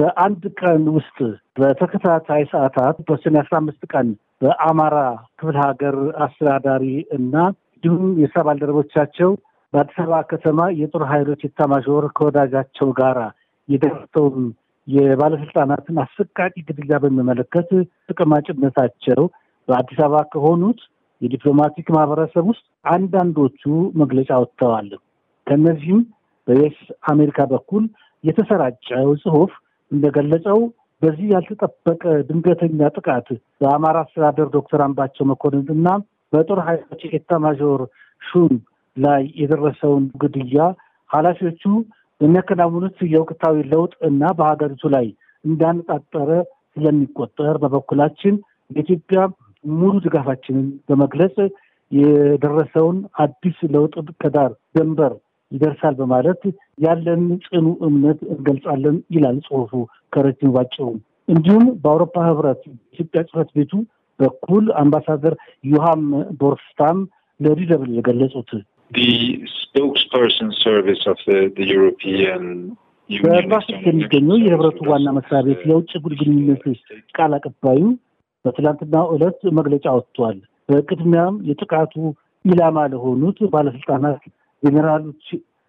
በአንድ ቀን ውስጥ በተከታታይ ሰዓታት በሰኔ አስራ አምስት ቀን በአማራ ክፍለ ሀገር አስተዳዳሪ እና እንዲሁም የስራ ባልደረቦቻቸው በአዲስ አበባ ከተማ የጦር ኃይሎች ኤታማዦር ከወዳጃቸው ጋር የደረሰውን የባለስልጣናትን አሰቃቂ ግድያ በሚመለከት ተቀማጭነታቸው በአዲስ አበባ ከሆኑት የዲፕሎማቲክ ማህበረሰብ ውስጥ አንዳንዶቹ መግለጫ ወጥተዋል። ከእነዚህም በዩኤስ አሜሪካ በኩል የተሰራጨው ጽሁፍ እንደገለጸው በዚህ ያልተጠበቀ ድንገተኛ ጥቃት በአማራ አስተዳደር ዶክተር አምባቸው መኮንን እና በጦር ኃይሎች ማዦር ሹም ላይ የደረሰውን ግድያ ኃላፊዎቹ የሚያከናውኑት የወቅታዊ ለውጥ እና በሀገሪቱ ላይ እንዳነጣጠረ ስለሚቆጠር በበኩላችን በኢትዮጵያ ሙሉ ድጋፋችንን በመግለጽ የደረሰውን አዲስ ለውጥ ከዳር ደንበር ይደርሳል በማለት ያለን ጽኑ እምነት እንገልጻለን ይላል ጽሁፉ ከረጅም ባጭሩ። እንዲሁም በአውሮፓ ህብረት ኢትዮጵያ ጽህፈት ቤቱ በኩል አምባሳደር ዮሃም ቦርስታም ለዲደብል የገለጹት በብራስልስ የሚገኘው የህብረቱ ዋና መስሪያ ቤት የውጭ ግንኙነት ቃል አቀባዩ በትላንትና ዕለት መግለጫ ወጥቷል። በቅድሚያም የጥቃቱ ኢላማ ለሆኑት ባለስልጣናት ጄኔራሎች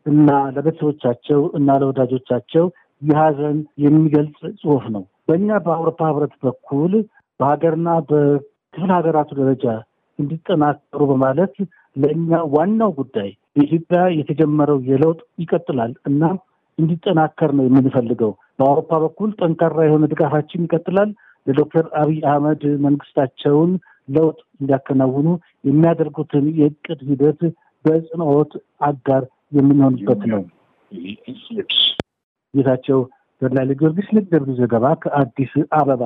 እና ለቤተሰቦቻቸው እና ለወዳጆቻቸው የሀዘን የሚገልጽ ጽሁፍ ነው። በእኛ በአውሮፓ ህብረት በኩል በሀገርና በክፍለ ሀገራቱ ደረጃ እንዲጠናከሩ በማለት ለእኛ ዋናው ጉዳይ በኢትዮጵያ የተጀመረው የለውጥ ይቀጥላል እና እንዲጠናከር ነው የምንፈልገው። በአውሮፓ በኩል ጠንካራ የሆነ ድጋፋችን ይቀጥላል። ለዶክተር አብይ አህመድ መንግስታቸውን ለውጥ እንዲያከናውኑ የሚያደርጉትን የእቅድ ሂደት በጽንኦት አጋር የምንሆንበት ነው። ጌታቸው ተድላ ለጊዮርጊስ ለደብሉ ዘገባ ከአዲስ አበባ